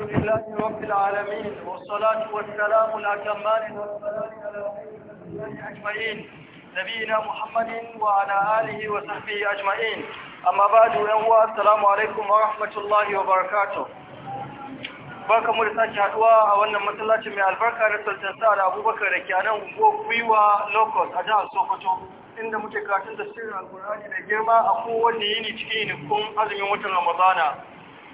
الحمد لله رب العالمين والصلاة والسلام الأكمان والسلام على أجمعين نبينا محمد وعلى آله وصحبه أجمعين أما بعد ينوى السلام عليكم ورحمة الله وبركاته barka mu da sake haduwa a wannan masallacin mai albarka na Sultan Sa'ad Abubakar da ke a nan Gwiwa a jihar Sokoto inda muke karatun tafsirin Alkur'ani da girma a kowane yini cikin yinikun azumin watan Ramadana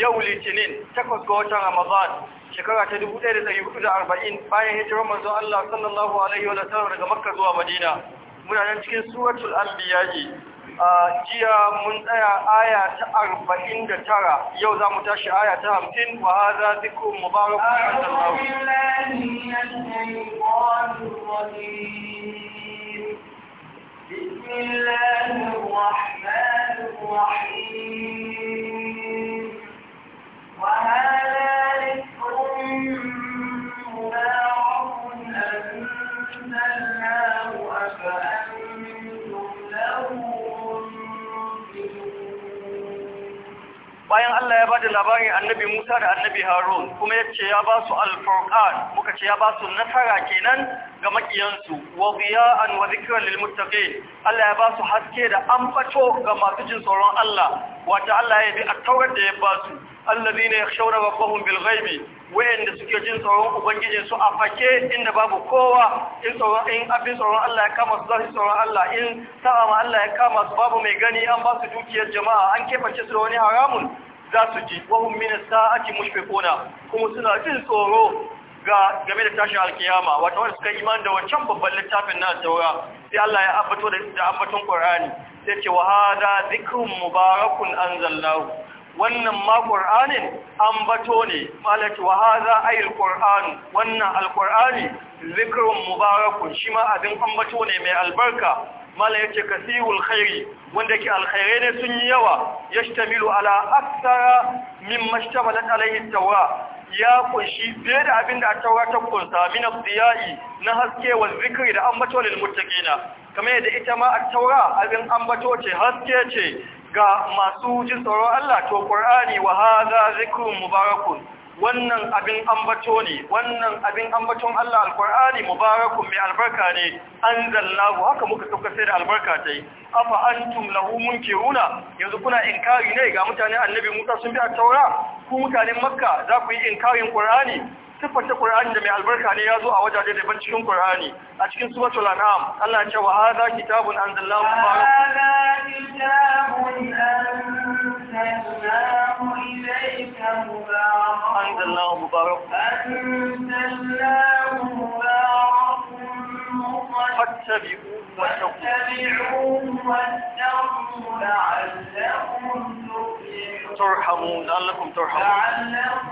yau litinin takwas ga watan ramadan shekara ta dubu ɗaya da da hudu arba'in, bayan hijirar manzo Allah sallallahu alaihi wa sallam daga makka zuwa madina muna nan cikin suratul anbiya'i a jiya mun tsaya aya ta arba'in da tara yau za mu tashi aya ta hamsin, wa hadha zikrun mubarakun sallallahu alaihi wa sallam bayan Allah ya ba da labarin annabi Musa da annabi Harun kuma ya ce ya ba su alfurkan, muka ce ya ba su nasara kenan ga makiyansu wa dhiya'an wa dhikran lil muttaqin Allah ya ba su haske da ambato ga masu jin tsoron Allah wato Allah ya bi a taurar da ya ba su alladhina yakhshawna rabbahum bil ghaibi wayanda suke jin tsoron ubangijin su a fake inda babu kowa in tsoron in abin tsoron Allah ya kama su zasu tsoron Allah in sa'a ma Allah ya kama su babu mai gani an ba su dukiyar jama'a an keface su da wani haramun za su ji wahum min sa'ati mushfiquna kuma suna jin tsoro ga game da tashin alkiyama wata wanda suka iman da wancan babban littafin na taura sai Allah ya abato da ambaton Qur'ani sai ce wa hada zikrun mubarakun anzalallahu wannan ma ƙur'anin an bato ne malaki wa haza ayil ƙur'an wannan alƙur'ani zikirin mubarakun shi ma abin an bato ne mai albarka mala ya ce khairi wanda ke alkhairai ne sun yi yawa ya shtamilu ala aksara min mashtamalat alaihi tawa ya kunshi fiye da abin da a taura ta kunsa min na haske wa zikiri da ambato lil muttaqina kamar yadda ita ma a taura abin ambato ce haske ce ga masu jin tsoron Allah to Qur'ani wa hadha zikrun mubarakun wannan abin ambato ne wannan abin ambaton Allah al-Qur'ani mubarakun mai albarka ne anzalnahu haka muka sauka sai da albarka tai afa antum lahu munkiruna yanzu kuna inkari ne ga mutanen annabi Musa sun bi a taura ku mutanen Makka za ku yi inkarin Qur'ani siffata Qur'ani da mai albarka ne ya zo a wajaje daban cikin Qur'ani a cikin suratul an'am Allah ya ce wa hadha kitabun anzalallahu mubarak hadha kitabun anzalallahu ilayka mubarak anzalnahu mubarak anzalnahu mubarak واتقوا لعلكم ترحمون لعلكم ترحمون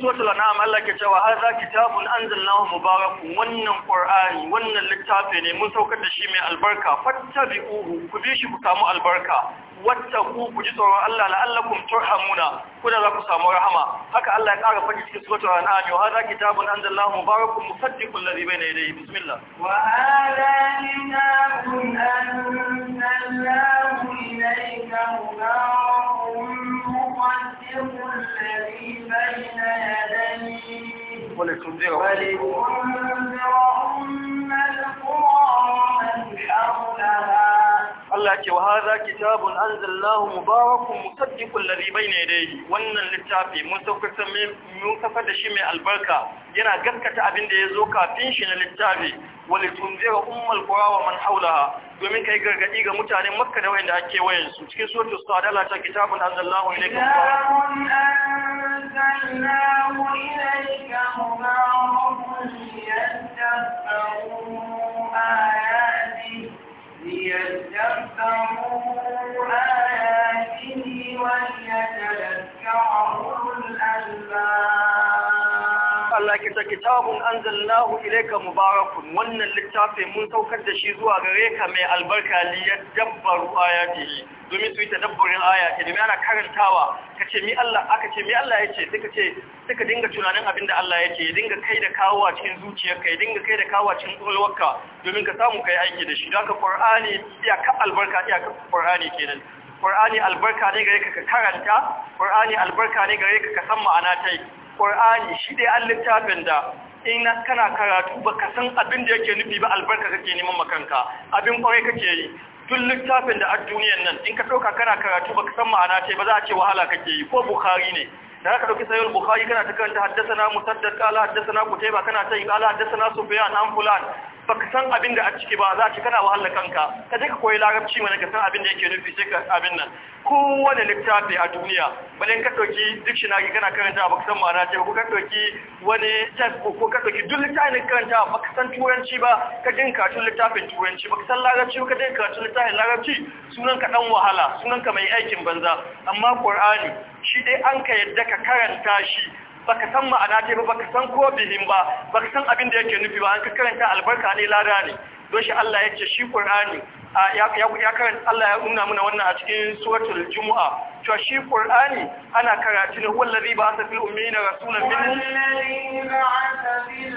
suratul an'am Allah ke cewa hadha kitabun anzalnahu mubarakun wannan qur'ani wannan littafi ne mun saukar da shi mai albarka fattabi'uhu ku bi shi ku samu albarka wattaku ku ji tsoron Allah la'allakum turhamuna da za ku samu rahama haka Allah ya ƙara faɗi cikin suratul an'am wa hadha kitabun anzalnahu mubarakun musaddiqul ladhi bayna yadayhi bismillah wa hadha kitabun anzalnahu ilayka mubarakun musaddiqul ladhi ولتنذر Allah ce wa haza kitabun anzalnahu mubarakun musaddiqul ladhi bayna yadayhi wannan littafi mun saukata mun saukar da shi mai albarka yana gaskata abin da yazo kafin shi na littafi wal tunzira ummul qura domin kai gargadi ga mutanen Makka da wayanda ake wayansu cikin suratul Sad ta kitabun anzalnahu ilaykum أنزلناه إليك مبارك ليدبروا ta'ala ta kitabun anzalnahu Ilaika mubarakun wannan littafin mun saukar da shi zuwa gare ka mai albarka liyar dabbar li yadabbaru yi, domin su yi ta tadabburin ayati domin ana karantawa kace mi Allah aka ce mi Allah yace suka ce suka dinga tunanin abin da Allah ce, ya dinga kai da kawo a cikin zuciyarka ya dinga kai da kawo a cikin kwakwalwarka domin ka samu ka yi aiki da shi haka Qur'ani iyaka albarka iyaka Qur'ani kenan Qur'ani albarka ne gare ka ka karanta Qur'ani albarka ne gare ka ka san ma'ana ta yi? Qur'ani shi dai an littafin da in kana karatu ba ka san abin da yake nufi ba albarka kake neman makanka abin kwarai kake yi tun littafin da a duniyan nan in ka ɗauka kana karatu ba ka san ma'ana ce ba za a ce wahala kake yi ko bukhari ne da ka dauki sayyid bukhari kana ta kanta haddathana musaddad qala haddathana kutayba kana ta yi haddasa na sufyan an fulan baka san abin da a ciki ba za ci kana wahala kanka ka je ka koyi larabci mana ka san abin da yake nufi sai ka abin nan kowane littafi a duniya bane ka dauki dictionary kana karanta baka san ma'ana ce ko ka dauki wani textbook ko ka dauki duk littafin karanta baka san turanci ba ka dinka tun littafin turanci baka san larabci ka dinka tun littafin larabci sunanka dan wahala sunanka mai aikin banza amma qur'ani shi dai an ka yadda ka karanta shi baka san ma'ana ce ba baka san ko bihin ba baka san abin da yake nufi ba an ka karanta albarka ne lada ne don shi Allah ya ce shi Qur'ani ya karanta Allah ya nuna mana wannan a cikin suratul Jumu'a cewa shi Qur'ani ana karatu ne wallazi ba'atha fil ummiyina rasulan minhum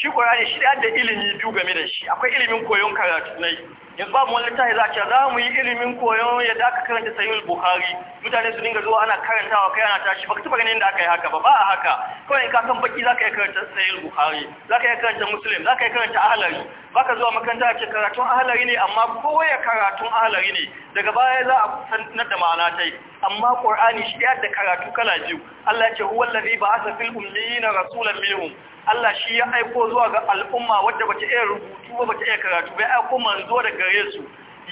shi ƙorani shi da ilimi biyu game da shi akwai ilimin koyon karatu yi yanzu babu wani littafi za ce za mu yi ilimin koyon yadda aka karanta sahih buhari mutane su dinga zuwa ana karantawa kai ana tashi baka taba ganin da aka yi haka ba ba a haka kawai in ka san baki za ka yi karanta sahih buhari za ka yi karanta musulun za ka yi karanta ahalari baka zuwa makaranta a ce karatun ahalari ne amma koya karatun ahalari ne daga baya za a sanar da ma'ana yi amma ƙorani shi da karatu kala biyu Allah ya ce huwal ladhi ba'atha fil na rasulan minhum Allah shi ya aiko zuwa ga al'umma wadda bata iya rubutu ba iya karatu ba ya aiko manzo daga gare su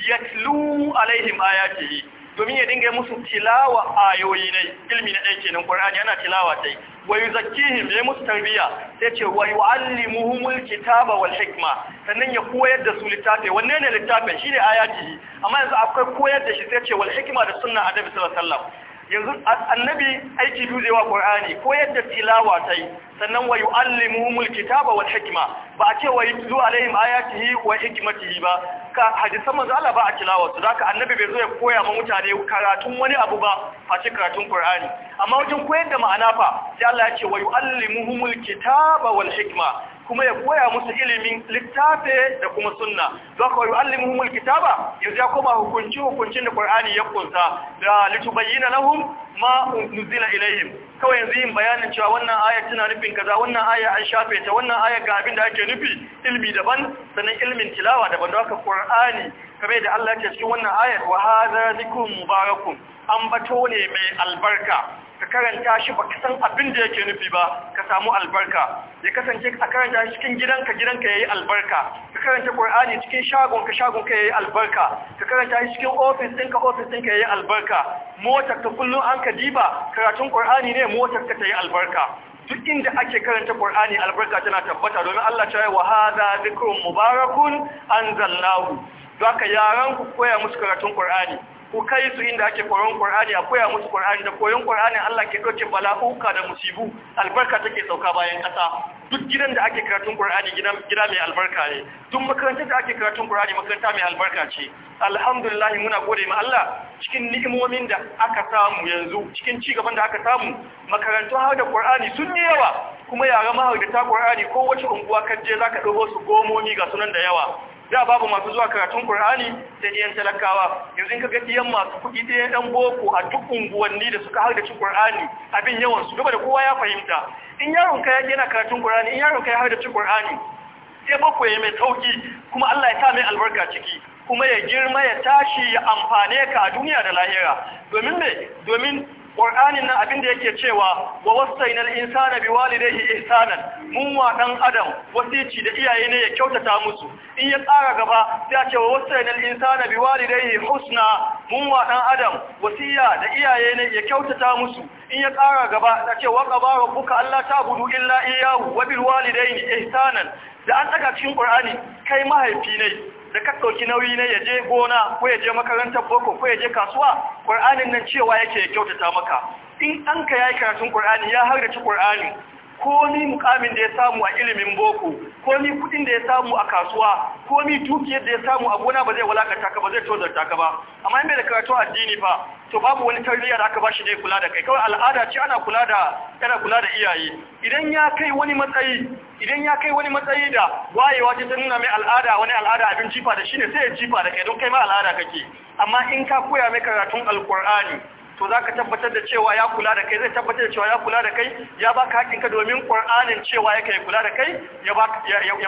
yatlu alaihim ayatihi domin ya dinga musu tilawa ayoyi ne ilmi na ɗaya kenan Qur'ani ana tilawa tai wa yuzakkihim ya musu tarbiya sai ce wa yuallimuhumul kitaba wal hikma sannan ya koyar da su littafi wanne ne littafin Shi ne ayati amma yanzu akwai koyar da shi sai ce wal hikma da sunna annabi sallallahu alaihi yanzu annabi aiki duzewa Qur'ani ko yadda tilawa ta yi, sannan wa yuallimuhumul kitaba wal hikma ba a ce wa yutlu alaihim ayatihi wa hikmatihi ba haka hadisan manzo Allah ba a tilawa su zaka annabi bai zo ya koya ma mutane karatun wani abu ba a cikin karatun Qur'ani amma wajen koyar da ma'ana fa sai Allah ya ce wa yu'allimuhumul kitaba wal hikma kuma ya koya musu ilimin littafi da kuma sunna za ka yi allimuhumul kitaba yanzu ya koma hukunci hukuncin da ƙur'ani ya kunsa da litubayyana lahum ma nuzila him. kawai yanzu yin bayanin cewa wannan aya tana nufin kaza wannan aya an shafe ta wannan aya ga abin da ake nufi ilmi daban sannan ilmin tilawa daban da haka qur'ani kare da Allah ke cikin wannan ayat wa hadha zikrun mubarakun ambato ne mai albarka ka karanta shi baka san abin da yake nufi ba ka samu albarka ya kasance ka karanta shi cikin gidanka gidanka yayi albarka ka karanta Qur'ani cikin shagon ka shagon ka yayi albarka ka karanta shi cikin office ka office ka yayi albarka motar ka kullun an ka diba karatun Qur'ani ne motar ka tayi albarka duk inda ake karanta Qur'ani albarka tana tabbata domin Allah ta yi wa hadha dhikrun mubarakun anzalnahu zaka yaran ku koya musu karatun Qur'ani ku kai su inda ake koyon Qur'ani a koya musu Qur'ani da koyon Qur'ani Allah ke doke bala'uka da musibu albarka take sauka bayan kasa duk gidan da ake karatun Qur'ani gida gida mai albarka ne duk makarantar da ake karatun Qur'ani makaranta mai albarka ce alhamdulillah muna gode ma Allah cikin ni'imomin da aka samu yanzu cikin ci gaban da aka samu makarantu har da Qur'ani sun yi yawa kuma yaran ta Qur'ani kowace unguwa kaje zaka dauko su gomomi ga sunan da yawa da babu masu zuwa karatun Qur'ani sai diyan talakawa yanzu in kaga diyan masu kuɗi da dan boko a duk unguwanni da suka harda cin Qur'ani abin yawan su duba da kowa ya fahimta in yaron ka yana karatun Qur'ani in yaron ka ya harda cin Qur'ani sai boko ya mai sauki kuma Allah ya sa mai albarka ciki kuma ya girma ya tashi ya amfane ka a duniya da lahira domin me domin Qur'anin nan abin da yake cewa wa wasainal insana biwalidayhi ihsanan mun wa dan adam wasici da iyaye ne ya kyautata musu in ya tsara gaba sai a ce wa wasainal insana biwalidayhi husna mun wa dan adam wasiya da iyaye ne ya kyautata musu in ya tsara gaba sai a ce wa qaba rabbuka alla ta'budu illa iyyahu wa bil walidayni ihsanan da an saka cikin Qur'ani kai mahaifi ne da ka ɗauki nauyi ne ya je gona ko ya je makarantar boko ko ya je kasuwa ƙur'anin nan cewa yake ya kyautata maka in an ka yayi karatun ƙur'ani ya harrace ƙur'ani Ko ni mukamin da ya samu a ilimin boko ni kudin da ya samu a kasuwa Ko ni dukiyar da ya samu a gona ba zai walakanta ka ba zai tozarta ka ba amma in bai da karatu addini ba, to babu wani tarbiyya da aka bashi ne kula da kai kawai al'ada ce ana kula da kula da iyaye idan ya kai wani matsayi idan ya kai wani matsayi da wayewa ce ta nuna mai al'ada wani al'ada abin jifa da shine sai ya jifa da kai don kai ma al'ada kake amma in ka koya mai karatun alkur'ani to za ka tabbatar da cewa ya kula da kai zai tabbatar da cewa ya kula da kai ya baka haƙinka domin ƙwar'anin cewa ya kai kula da kai ya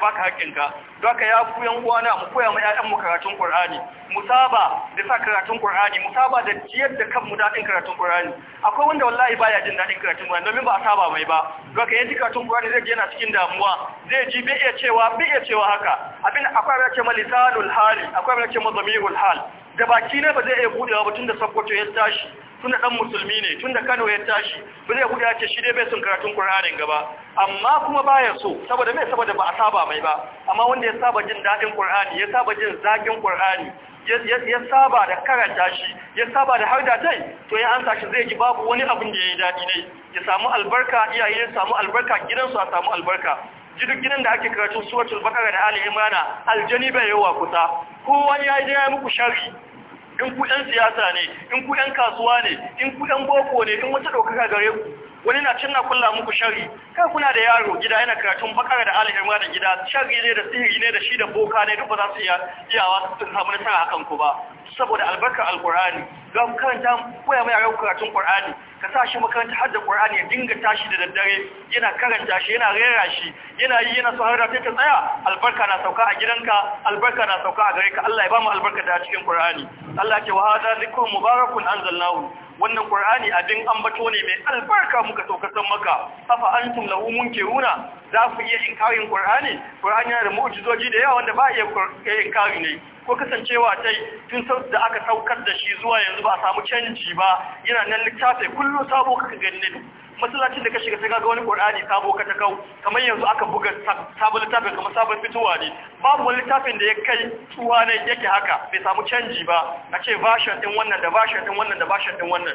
baka haƙinka don ka ya kuyan uwana mu koya ma mu karatun ƙwar'ani musaba da sa karatun ƙwar'ani musaba da jiyar da kanmu daɗin karatun ƙwar'ani akwai wanda wallahi baya jin daɗin karatun ƙwar'ani domin ba a saba mai ba don ka yanzu karatun ƙwar'ani zai ji yana cikin damuwa zai ji bai iya cewa bai iya cewa haka abin akwai race ma lisanul hali akwai race ma zamirul hal da baki ne ba zai iya budewa ba tun da Sokoto ya tashi tun da ɗan musulmi ne tun da Kano ya tashi ba zai budewa ce shi dai bai sun karatun ƙur'anin gaba amma kuma baya so saboda mai saboda ba a saba mai ba amma wanda ya saba jin daɗin ƙur'ani, ya saba jin zakin ƙur'ani, ya saba da karanta shi ya saba da har da tai to ya ansa shi zai ji babu wani abin da ya yi daɗi ne ya samu albarka iyaye ya samu albarka gidansu a samu albarka duk ginin da ake karatu suratul bakara da ali imana aljani bai yawa kusa ko wani ya je ya muku shari. in ku ɗan siyasa ne in ku ɗan kasuwa ne in ku ɗan boko ne in wata ɗaukaka gare ku wani na cinna kulla muku shari kai kuna da yaro gida yana karatun bakara da alin irma da gida shari ne da sihiri ne da shi da boka ne duk ba za su iya iyawa su samu nasara a kanku ba saboda albarkar alkur'ani ga makaranta koya mai yaran karatun qur'ani ka sa shi makaranta har da qur'ani ya dinga tashi da daddare yana karanta shi yana rera shi yana yi yana so har ta tsaya albarka na sauka a gidanka albarka na sauka a gare ka Allah ya ba mu albarka da cikin qur'ani Allah ya ce wa hadha zikrun mubarakun anzalnahu wannan ƙur'ani abin ambato ne mai albarka muka saukar maka afa antum lahu runa. za ku iya inkarin ƙur'ani? Ƙur'ani yana da mu'jizoji da yawa wanda ba iya inkari ne ko kasancewa tai tun da aka saukar da shi zuwa yanzu ba a samu canji ba yana nan littafi kullum sabo kaka ganin masallacin da ka shiga sai ga wani ƙur'ani sabo ka ta kau, kamar yanzu aka buga sabon littafin kamar sabon fitowa ne babu wani littafin da ya kai tsuwa ne yake haka bai samu canji ba a ce version ɗin wannan da version ɗin wannan da version ɗin wannan